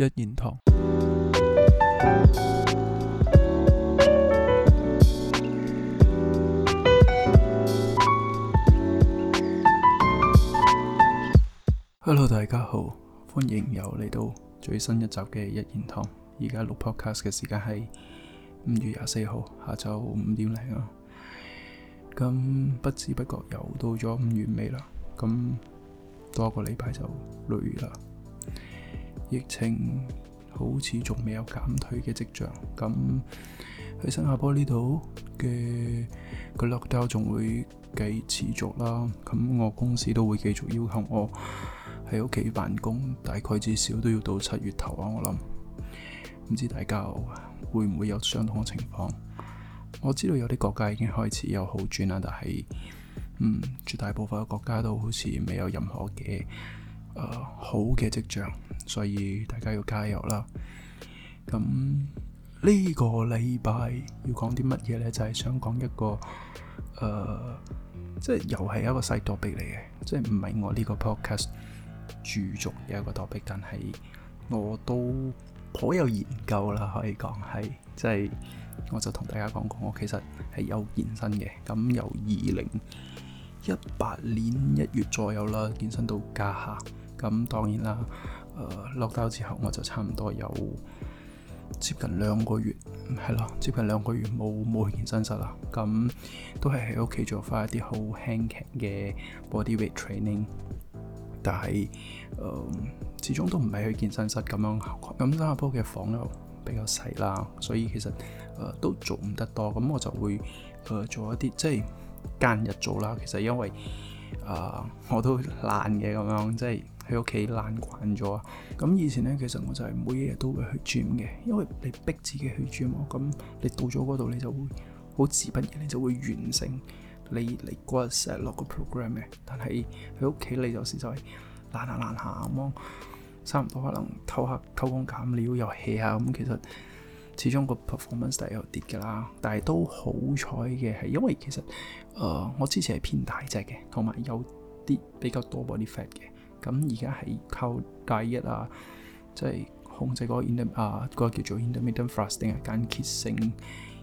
一言堂。Hello，大家好，歡迎又嚟到最新一集嘅一言堂。而家錄 podcast 嘅時間係五月廿四號下晝五點零啊。咁不知不覺又到咗五月尾啦，咁多一個禮拜就六月啦。疫情好似仲未有減退嘅跡象，咁喺新加坡呢度嘅個 lockdown 仲會繼持續啦。咁我公司都會繼續要求我喺屋企辦公，大概至少都要到七月頭啊。我諗唔知大家會唔會有相同嘅情況。我知道有啲國家已經開始有好轉啦，但係嗯，絕大部分嘅國家都好似未有任何嘅 Uh, 好嘅跡象，所以大家要加油啦。咁呢、這個禮拜要講啲乜嘢呢？就係、是、想講一個誒、uh，即係又係一個 side topic 嚟嘅，即係唔係我呢個 podcast 注重嘅一個 topic，但係我都頗有研究啦，可以講係，即係我就同大家講講，我其實係有健身嘅，咁由二零一八年一月左右啦，健身到家下。咁當然啦，誒、呃、落到之後我就差唔多有接近兩個月，係咯，接近兩個月冇冇去健身室啦。咁都係喺屋企做翻一啲好輕鬆嘅 body weight training，但係誒、呃、始終都唔係去健身室咁樣行。咁新加坡嘅房又比較細啦，所以其實誒、呃、都做唔得多。咁我就會誒、呃、做一啲即係間日做啦。其實因為誒、呃、我都懶嘅咁樣，即係。喺屋企懶慣咗，啊。咁以前咧其實我就係每一日都會去 gym 嘅，因為你逼自己去 gym 咁你到咗嗰度，你就會好自不而你就會完成你你嗰日 set 落個 program 嘅。但係喺屋企你就是就係懶下懶下啊，咁差唔多可能偷下偷工減料又 hea 下咁，其實始終個 performance 係有跌㗎啦。但係都好彩嘅係因為其實誒、呃、我之前係偏大隻嘅，同埋有啲比較多 body fat 嘅。咁而家係靠戒一、那個、啊，即係控制嗰個 int 呃嗰個叫做 intermittent fasting 間歇性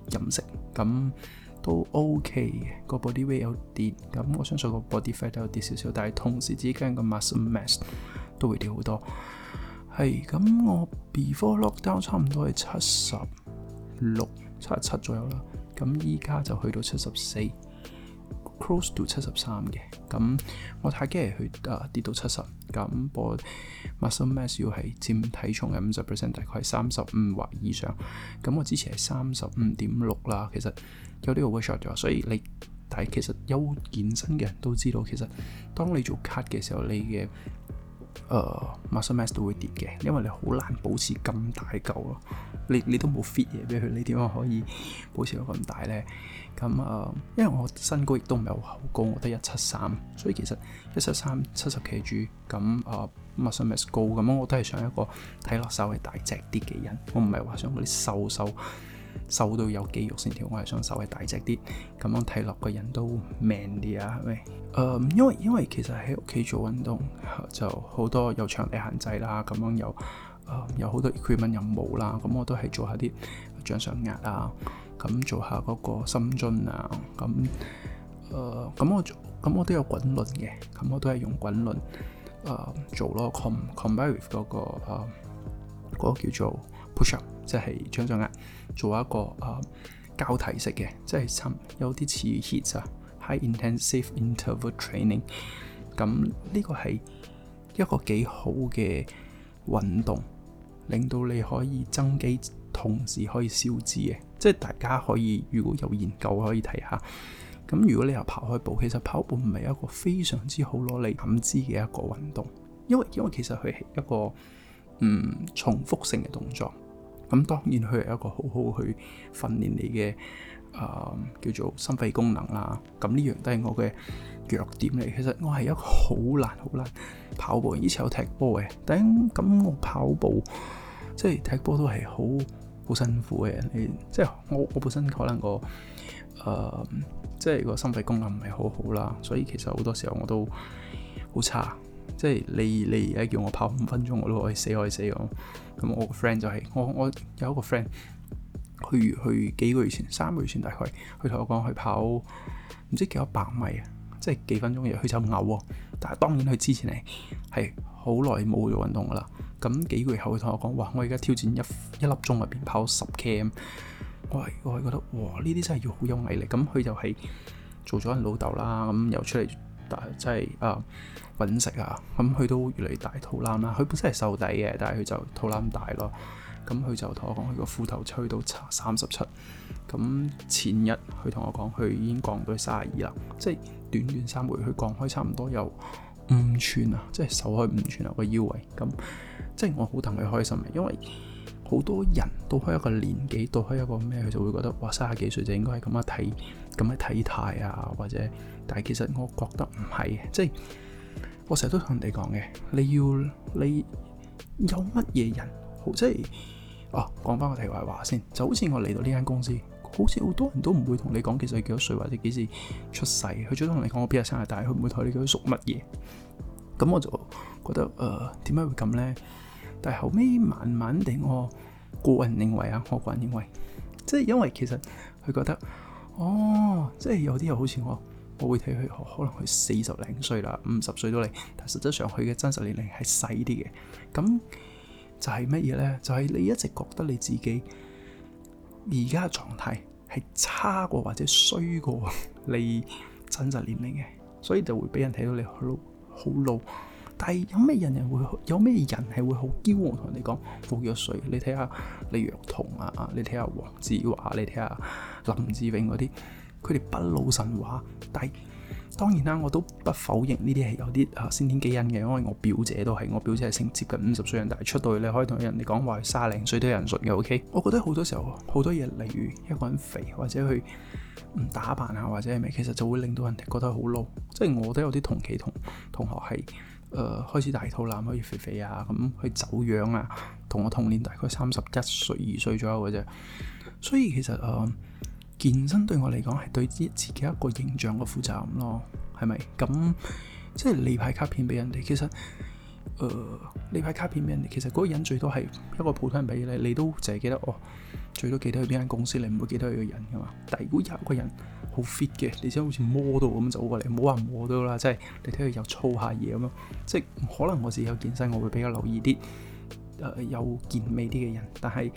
飲食，咁都 OK。個 body weight 有跌，咁我相信個 body fat 都有跌少少，但係同時之間個 muscle mass 都會跌好多。係，咁我 before lockdown 差唔多係七十六、七十七左右啦，咁依家就去到七十四。Close 到七十三嘅，咁我睇機係去啊、呃、跌到七十，咁我 muscle mass 要係佔體重嘅五十 percent，大概係三十五或以上，咁我之前係三十五點六啦，其實有啲嘅 whipshot 咗，所以你睇其實有健身嘅人都知道，其實當你做 cut 嘅時候，你嘅誒、uh, muscle mass 都會跌嘅，因為你好難保持咁大嚿咯，你你都冇 fit 嘢俾佢，你點樣可以保持到咁大咧？咁誒，uh, 因為我身高亦都唔係好高，我得一七三，所以其實一七三七十 kg 咁誒 muscle mass 高咁，我都係想一個睇落稍微大隻啲嘅人，我唔係話想嗰啲瘦瘦。瘦到有肌肉線條，我係想稍微大隻啲，咁樣體力嘅人都 man 啲啊，係咪？誒、嗯，因為因為其實喺屋企做運動就好多有場地限制啦，咁樣又誒有好、嗯、多 equipment 又冇啦，咁我都係做一下啲掌上壓啊，咁做下嗰個深蹲啊，咁誒咁我咁我都有滾輪嘅，咁我都係用滾輪誒、呃、做咯，com、combine with 嗰個嗰個叫做。push up 即係掌上壓，做一個誒、呃、交替式嘅，即係有啲似 HIIT 啊，high intensive interval training。咁呢個係一個幾好嘅運動，令到你可以增肌同時可以消脂嘅，即係大家可以如果有研究可以睇下。咁如果你又跑開步，其實跑步唔係一個非常之好攞你減脂嘅一個運動，因為因為其實佢係一個嗯重複性嘅動作。咁當然佢係一個好好去訓練你嘅誒、呃、叫做心肺功能啦。咁呢樣都係我嘅弱點嚟。其實我係一個好難好難跑步，以前有踢波嘅。等咁我跑步即係踢波都係好好辛苦嘅。你即係我我本身可能個誒、呃、即係個心肺功能唔係好好啦，所以其實好多時候我都好差。即係你你而家叫我跑五分鐘，我都可以死，我可以死咁。咁我個 friend 就係、是、我我有一個 friend，佢佢幾個月前，三個月前大概，佢同我講佢跑唔知幾多百米啊，即係幾分鐘嘢，佢就嘔喎。但係當然佢之前係係好耐冇做運動噶啦。咁幾個月後佢同我講，哇！我而家挑戰一一粒鐘入邊跑十 km，我係我係覺得哇！呢啲真係要好有毅力。咁佢就係做咗人老豆啦，咁又出嚟，真係啊～、就是呃揾食啊，咁、嗯、佢都越嚟越大肚腩啦。佢、啊、本身係瘦底嘅，但係佢就肚腩大咯。咁、嗯、佢就同我講，佢個褲頭吹到差三十七。咁、嗯、前日佢同我講，佢已經降到三十二啦。即係短短三回，佢降開差唔多有五寸啊！即係瘦開五寸啊個腰圍。咁、嗯、即係我好戥佢開心嘅，因為好多人都喺一個年紀，到喺一個咩，佢就會覺得哇，三十幾歲就應該係咁樣睇，咁樣體態啊，或者。但係其實我覺得唔係，即係。即我成日都同人哋講嘅，你要你有乜嘢人，好即係，哦、啊，講翻個題外話先，就好似我嚟到呢間公司，好似好多人都唔會同你講其實你幾多歲或者幾時出世，佢最多同你講我邊日生日，但係，佢唔會同你講佢屬乜嘢。咁我就覺得，誒點解會咁呢？但係後尾慢慢地，我個人認為啊，我個人認為，即係因為其實佢覺得，哦，即係有啲人好似我。我會睇佢可能佢四十零歲啦，五十歲都嚟，但係實際上佢嘅真實年齡係細啲嘅。咁就係乜嘢呢？就係、是、你一直覺得你自己而家嘅狀態係差過或者衰過你真實年齡嘅，所以就會俾人睇到你好老，老。但係有咩人人會有咩人係會好驕傲同你講服咗誰？你睇下李若彤啊，你睇下黃子華，你睇下林志穎嗰啲。佢哋不老神話，但係當然啦，我都不否認呢啲係有啲啊先天基因嘅，因為我表姐都係，我表姐係成接近五十歲人，但係出到去，你可以同人哋講話卅零歲都有人熟嘅。O、okay? K，我覺得好多時候好多嘢，例如一個人肥或者佢唔打扮啊，或者係咩，其實就會令到人哋覺得好老。即係我都有啲同期同同學係誒、呃、開始大肚腩，可以肥肥啊，咁、嗯、去走樣啊。同我同年大概三十一歲二歲左右嘅啫，所以其實誒。呃。健身對我嚟講係對自己一個形象嘅負責任咯，係咪？咁即係你派卡片俾人哋，其實，誒、呃，你派卡片俾人哋，其實嗰個人最多係一個普通人，比你。你都淨係記得哦，最多記得去邊間公司，你唔會記得佢個人噶嘛。但如果有一個人好 fit 嘅，你真係好似 model 咁走過嚟，唔好話 model 啦，即係你睇佢又操下嘢咁樣，即係可能我自己有健身，我會比較留意啲誒、呃、有健美啲嘅人，但係。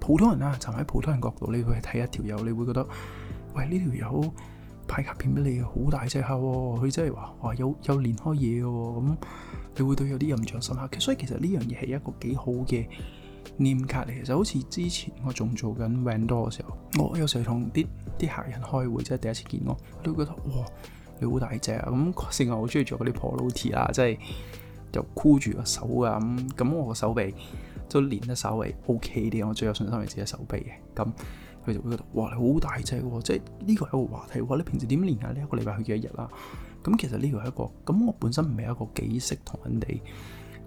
普通人啊，站喺普通人角度，你去睇一條友，你會覺得，喂呢條友派卡片俾你好大隻下、啊，佢真係話，哇有有練開嘢嘅喎，咁你會對佢有啲印象深刻。所以其實呢樣嘢係一個幾好嘅 name card 嚟，嘅。就係、好似之前我仲做緊 Vendor 嘅時候，我有時候同啲啲客人開會，即係第一次見我，我都覺得，哇你好大隻啊，咁成日好中意做嗰啲 Polo Tee 啊，即係。就箍住個手啊！咁咁我個手臂都練得稍微 OK 啲，我最有信心係自己手臂嘅。咁佢就會覺得，哇！你好大隻喎、哦，即係呢個係一個話題喎。你平時點練啊？呢一個禮拜去幾多日啦？咁其實呢個係一個，咁我本身唔係一個幾識同人哋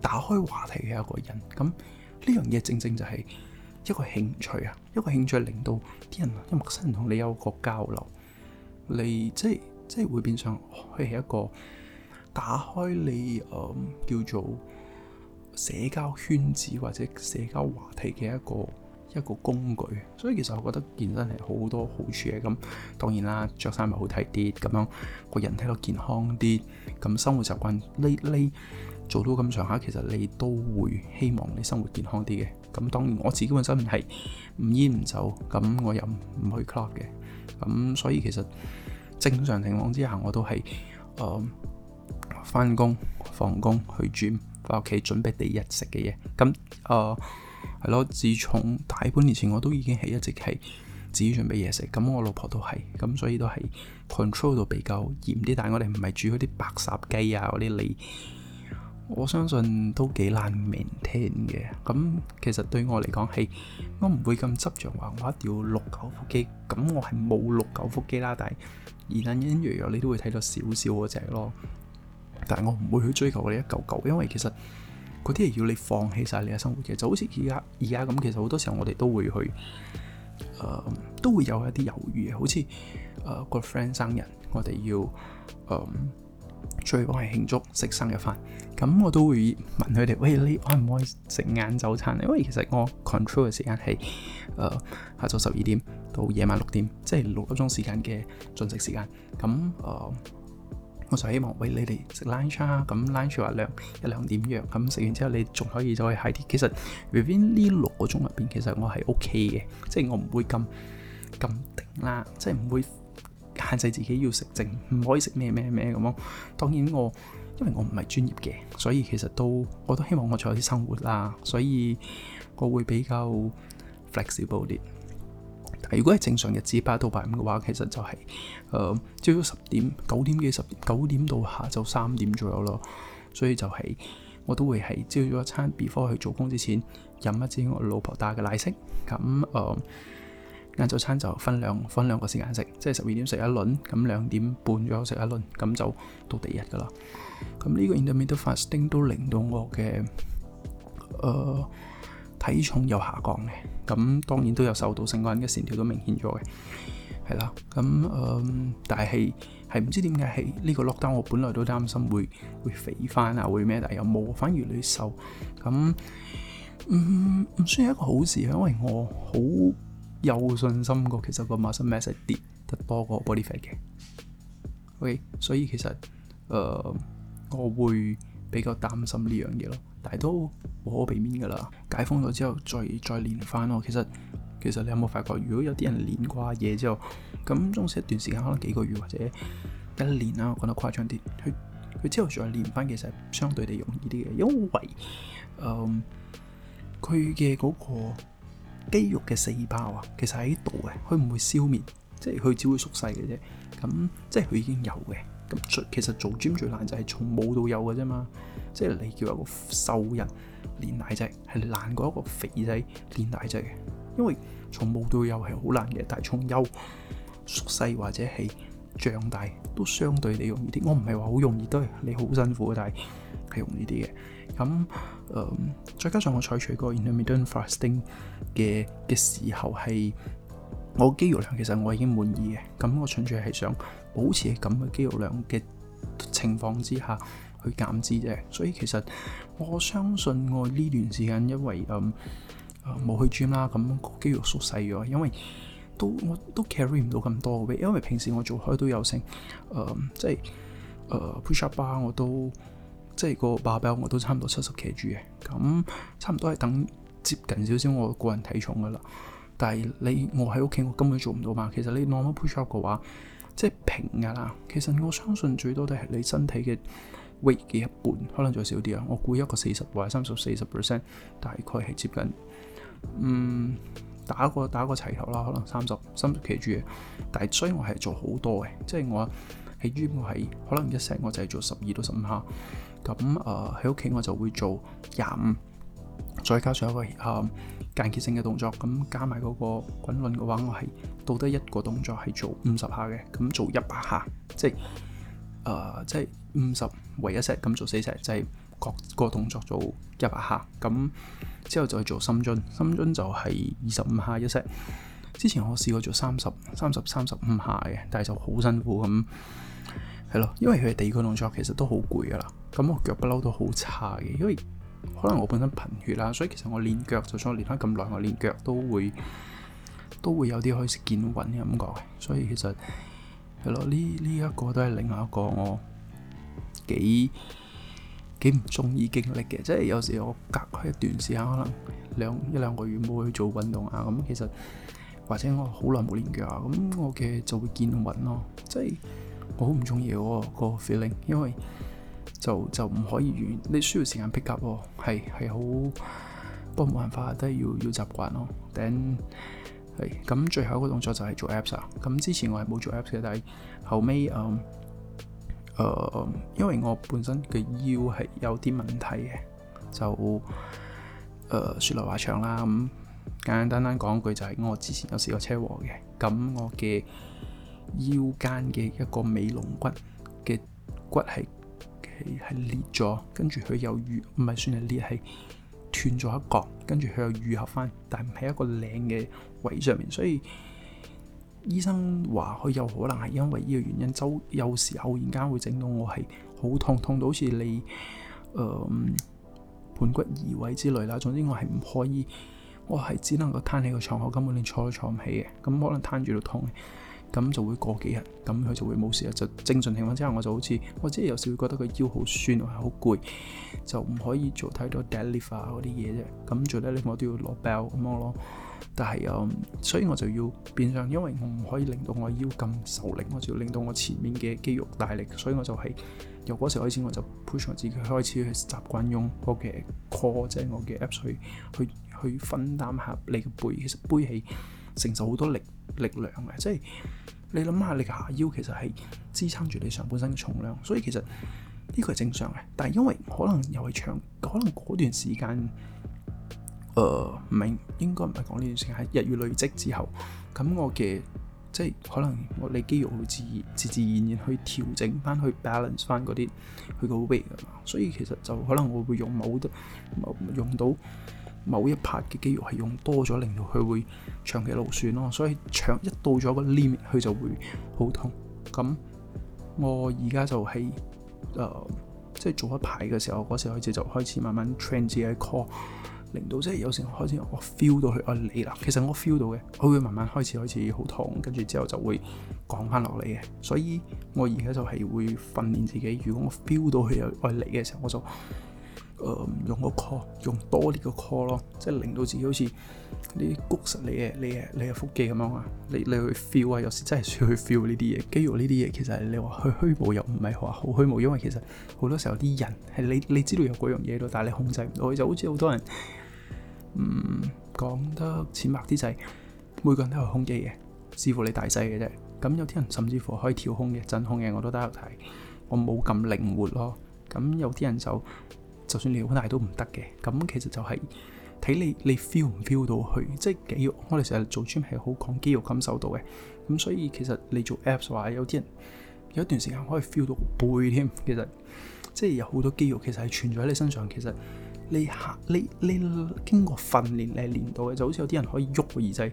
打開話題嘅一個人。咁呢樣嘢正正就係一個興趣啊！一個興趣令到啲人、啲陌生人同你有個交流，你即係即係會變相佢係一個。打開你誒、嗯、叫做社交圈子或者社交話題嘅一個一個工具，所以其實我覺得健身係好多好處嘅。咁當然啦，着衫咪好睇啲，咁樣個人睇到健康啲，咁生活習慣你你做到咁上下，其實你都會希望你生活健康啲嘅。咁當然我自己本身係唔煙唔酒，咁我又唔去 club 嘅，咁所以其實正常情況之下我都係誒。嗯翻工、放工去轉，翻屋企準備第二日食嘅嘢。咁誒係咯，自從大半年前我都已經係一直係自己準備嘢食。咁我老婆都係，咁所以都係 control 度比較嚴啲。但係我哋唔係煮嗰啲白斬雞啊，嗰啲你我相信都幾難 maintain 嘅。咁其實對我嚟講係，我唔會咁執着話我一定要六九腹肌。咁我係冇六九腹肌啦，但係而但隱隱約約你都會睇到少少嗰隻咯。但係我唔會去追求嗰啲一嚿嚿，因為其實嗰啲係要你放棄晒你嘅生活嘅，就好似而家而家咁。其實好多時候我哋都會去，誒、呃、都會有一啲猶豫嘅，好似誒、呃、個 friend 生日，我哋要誒、呃、最講係慶祝食生日飯。咁我都會問佢哋：喂，你可唔可以食晏早餐？因為其實我 control 嘅時間係誒、呃、下晝十二點到夜晚六點，即係六個鐘時間嘅進食時間。咁誒。呃我就希望餵你哋食 lunch 啊，咁 lunch 話兩一兩點樣，咁食完之後你仲可以再喺啲。其實入邊呢六個鐘入邊，其實我係 OK 嘅，即係我唔會咁咁定啦，即係唔會限制自己要食整，唔可以食咩咩咩咁咯。當然我因為我唔係專業嘅，所以其實都我都希望我仲有啲生活啦，所以我會比較 flexible 啲。如果係正常日子八到八五嘅話，其實就係誒朝早十點九點幾十點九點到下晝三點左右咯，所以就係，我都會係朝早一餐 before 去做工之前飲一支我老婆打嘅奶昔。咁誒晏早餐就分兩分兩個時間食，即係十二點食一輪，咁兩點半左右食一輪，咁就到第一日噶啦。咁呢個 intermittent fasting 都令到我嘅誒。呃體重又下降嘅，咁當然都有瘦到，成個人嘅線條都明顯咗嘅，係啦，咁誒、嗯，但係係唔知點解係呢個 lockdown，我本來都擔心會會肥翻啊，會咩，但係又冇，反而越嚟越瘦，咁唔唔算係一個好事，因為我好有信心過，其實個 muscle mass 跌得多過 body fat 嘅，ok，所以其實誒、呃，我會比較擔心呢樣嘢咯。但都無可避免噶啦，解封咗之後再再練翻咯。其實其實你有冇發覺，如果有啲人練啩嘢之後，咁中息一段時間，可能幾個月或者一年啦，我講得誇張啲，佢佢之後再練翻，其實相對地容易啲嘅，因為誒佢嘅嗰個肌肉嘅細胞啊，其實喺度嘅，佢唔會消滅，即係佢只會縮細嘅啫。咁即係佢已經有嘅。其實做 gym 最難就係從冇到有嘅啫嘛，即係你叫一個瘦人練大隻，係難過一個肥仔練大隻嘅，因為從冇到有係好難嘅，但係從幼、縮細或者係長大都相對你容易啲。我唔係話好容易都係你好辛苦，但係係容易啲嘅。咁誒、嗯，再加上我採取個 intermittent fasting 嘅嘅時候係我肌肉量其實我已經滿意嘅，咁我純粹係想。保持喺咁嘅肌肉量嘅情況之下，去減脂啫。所以其實我相信我呢段時間，因為嗯冇、嗯嗯、去 gym 啦，咁、嗯、個肌肉縮細咗。因為都我都 carry 唔到咁多嘅 weight 因為平時我做開都有成，誒、嗯、即係誒、呃、push up bar，我都即係個 barbell 我都差唔多七十 kg 嘅。咁、嗯、差唔多係等接近少少我個人體重噶啦。但係你我喺屋企，我根本做唔到嘛。其實你 normal push up 嘅話，即係平噶啦，其實我相信最多都係你身體嘅 weight 嘅一半，可能再少啲啊。我估一個四十或者三十四十 percent，大概係接近，嗯，打個打個齊頭啦，可能三十、三十幾住。但係所以我係做好多嘅，即係我喺 gym 我係可能一成我就係做十二到十五下，咁誒喺屋企我就會做廿五。再加上一個誒間、呃、歇性嘅動作，咁加埋嗰個滾輪嘅話，我係到底一個動作係做五十下嘅，咁做一百下，即係誒即係五十為一 set，咁做四 set，就係各個動作做一百下，咁之後就去做深蹲，深蹲就係二十五下一 set。之前我試過做三十、三十三十五下嘅，但係就好辛苦咁，係咯，因為佢哋幾個動作其實都好攰噶啦，咁我腳不嬲都好差嘅，因為。可能我本身貧血啦，所以其實我練腳就算我練翻咁耐，我練腳都會都會有啲開始見暈嘅感覺嘅，所以其實係咯，呢呢一個都係另外一個我幾幾唔中意經歷嘅，即係有時我隔開一段時間，可能兩一兩個月冇去做運動啊，咁、嗯、其實或者我好耐冇練腳啊，咁我嘅就會見暈咯，即係我好唔中意嗰個嗰個 feeling，因為。就就唔可以完，你需要時間逼急喎，係係好，不過冇辦法都係要要習慣咯。等，係咁，最後一個動作就係做 abs 咁之前我係冇做 abs 嘅，但係後尾，嗯、呃、誒、呃，因為我本身嘅腰係有啲問題嘅，就誒説、呃、來話長啦。咁簡簡單單講句就係、是、我之前有試過車禍嘅，咁我嘅腰間嘅一個尾龍骨嘅骨係。係裂咗，跟住佢又愈，唔係算係裂，係斷咗一角，跟住佢又愈合翻，但係唔係一個靚嘅位上面，所以醫生話佢有可能係因為呢個原因，就有時偶然間會整到我係好痛，痛到好似你，誒、呃，盤骨移位之類啦。總之我係唔可以，我係只能夠攤起個床口，根本連坐都坐唔起嘅，咁可能攤住都痛。咁就會過幾日，咁佢就會冇事啦。就正常情況之下，我就好似我即係有時會覺得佢腰好酸，或係好攰，就唔可以做太多 deadlift 啊嗰啲嘢啫。咁做 deadlift 呢，我都要攞 bell 咁樣咯。但係嗯，所以我就要變相，因為我唔可以令到我腰咁受力，我就要令到我前面嘅肌肉大力。所以我就係、是、由嗰時開始，我就 push 我自己開始去習慣用我嘅 core，即係我嘅 abs 去去去分擔下你嘅背。其實背起。承受好多力，力量嘅，即係你諗下，你，想想你下腰其實係支撐住你上半身嘅重量，所以其實呢個係正常嘅。但係因為可能又係長，可能嗰段時間，誒唔明，應該唔係講呢段時間，係日月累積之後，咁我嘅即係可能我哋肌肉會自自自然然去調整翻，去 balance 翻嗰啲佢個 weight 啊嘛，所以其實就可能我會用冇得用到。某一拍嘅肌肉係用多咗，令到佢會長期勞損咯，所以長一到咗個 limit，佢就會好痛。咁我而家就係、是、誒，即、呃、係、就是、做一排嘅時、時候，嗰時開始就開始慢慢 train 自己 core，令到即係有時開始我 feel 到佢愛嚟啦。其實我 feel 到嘅，佢會慢慢開始開始好痛，跟住之後就會降翻落嚟嘅。所以我而家就係會訓練自己，如果我 feel 到佢有愛嚟嘅時候，我就。誒、嗯、用個 core 用多啲個 core 咯，即係令到自己好似嗰啲谷實你嘅你嘅你嘅腹肌咁樣啊，你你去 feel 啊，有時真係需要去 feel 呢啲嘢，肌肉呢啲嘢，其實你話佢虛無又唔係話好虛無，因為其實好多時候啲人係你你知道有嗰樣嘢咯，但係你控制唔到就，好似好多人嗯，講得淺白啲就係、是、每個人都有胸肌嘅，視乎你大細嘅啫。咁有啲人甚至乎可以跳胸嘅，震胸嘅我都得。有睇，我冇咁靈活咯。咁有啲人就。就算你好大都唔得嘅，咁其實就係睇你你 feel 唔 feel 到去，即係肌肉。我哋成日做 gym 係好講肌肉感受到嘅，咁所以其實你做 apps 話有啲人有一段時間可以 feel 到背添，其實即係有好多肌肉其實係存在喺你身上，其實你下你你，你經過訓練你練到嘅，就好似有啲人可以喐個耳仔，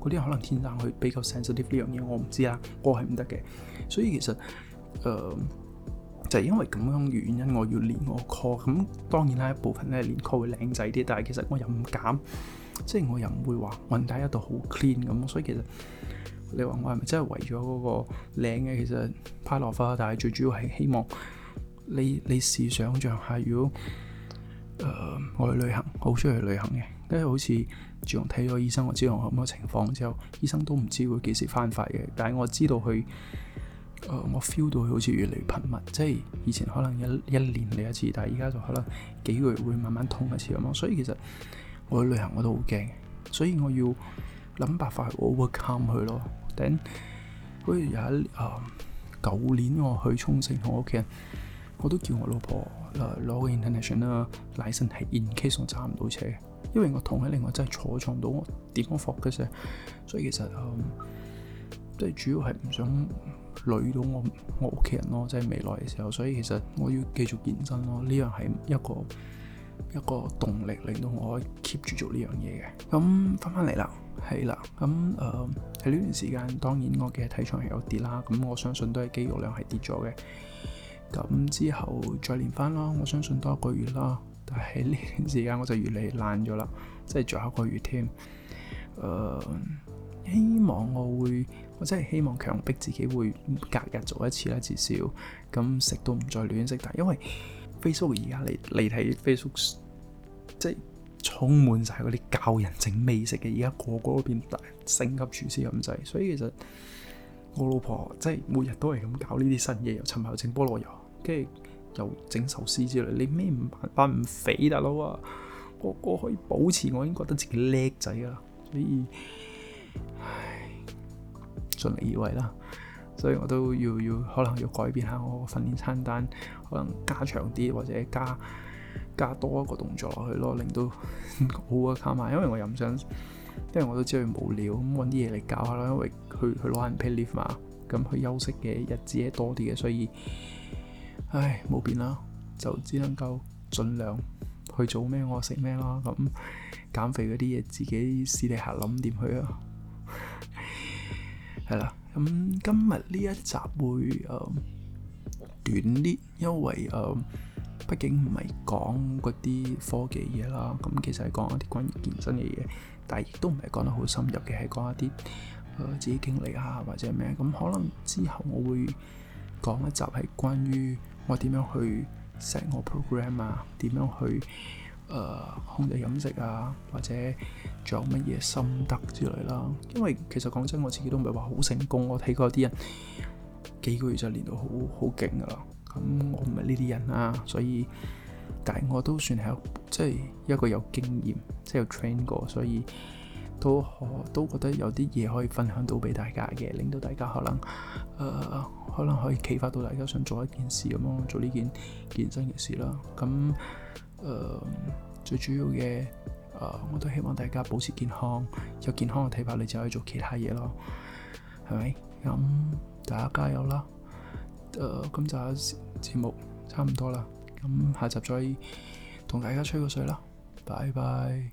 嗰啲可能天生去比較 sensitive 呢樣嘢，我唔知啊，我係唔得嘅，所以其實誒。呃就係因為咁樣原因，我要練我 call 咁，當然啦，一部分咧練 call 會靚仔啲，但係其實我又唔減，即係我又唔會話運帶一度好 clean 咁，所以其實你話我係咪真係為咗嗰個靚嘅其實拍落花？但係最主要係希望你你試想像下，如果誒、呃、我去旅行，好中意去旅行嘅，跟住好似自從睇咗醫生，我知道我咁嘅情況之後，醫生都唔知會幾時翻發嘅，但係我知道佢。誒，uh, 我 feel 到佢好似越嚟越頻密，即係以前可能一一年嚟一次，但係而家就可能幾個月會慢慢痛一次咁咯。所以其實我去旅行我都好驚，所以我要諗辦法去 overcome 佢咯。等好似有誒，舊、uh, 年我去沖繩同我屋企人，我都叫我老婆誒攞個 international 啦，license 係 in case 我揸唔到車，因為我痛起嚟我真係坐坐唔到我，我點都伏嘅啫。所以其實、uh, 即係主要係唔想。累到我我屋企人咯，即係未來嘅時候，所以其實我要繼續健身咯，呢樣係一個一個動力令到我 keep 住做呢樣嘢嘅。咁翻翻嚟啦，係啦，咁誒喺呢段時間，當然我嘅體重係有跌啦，咁我相信都係肌肉量係跌咗嘅。咁之後再練翻咯，我相信多一個月啦。但係喺呢段時間我就越嚟越懶咗啦，即係仲有一個月添，誒、呃。希望我會，我真係希望強迫自己會隔日做一次啦，至少咁食都唔再亂食。但係因為 Facebook 而家嚟嚟睇 Facebook，即係充滿晒嗰啲教人整美食嘅，而家個個都變大星級廚師咁滯。所以其實我老婆即係每日都係咁搞呢啲新嘢，又尋日整菠蘿油，跟住又整壽司之類。你咩唔辦法唔肥大佬啊？個個可以保持我，我已經覺得自己叻仔㗎啦，所以。唉，盡力而為啦，所以我都要要可能要改變下我訓練餐單，可能加長啲或者加加多一個動作落去咯，令到好啊，卡埋。因為我又唔想，因為我都知佢無聊咁，搵啲嘢嚟搞下啦。因為佢佢攞人 paid 嘛，咁佢休息嘅日子多啲嘅，所以唉，冇變啦，就只能夠盡量去做咩我食咩啦。咁減肥嗰啲嘢，自己私底下諗掂佢啊。係啦，咁、嗯、今日呢一集會誒、呃、短啲，因為誒、呃、畢竟唔係講嗰啲科技嘢啦。咁其實係講一啲關於健身嘅嘢，但係亦都唔係講得好深入嘅，係講一啲、呃、自己經歷啊，或者咩咁、嗯。可能之後我會講一集係關於我點樣去 set 我 program 啊，點樣去。誒控制飲食啊，或者仲有乜嘢心得之類啦。因為其實講真，我自己都唔係話好成功。我睇過啲人幾個月就練到好好勁噶啦。咁、嗯、我唔係呢啲人啦、啊，所以但係我都算係即係一個有經驗，即係有 train 過，所以都可都覺得有啲嘢可以分享到俾大家嘅，令到大家可能誒、呃、可能可以啟發到大家想做一件事咁咯，做呢件健身嘅事啦。咁、嗯。呃、最主要嘅、呃、我都希望大家保持健康，有健康嘅體魄，你就可以做其他嘢咯，係咪？咁、嗯、大家加油啦！誒、呃，今集節目差唔多啦，咁、嗯、下集再同大家吹個水啦，拜拜。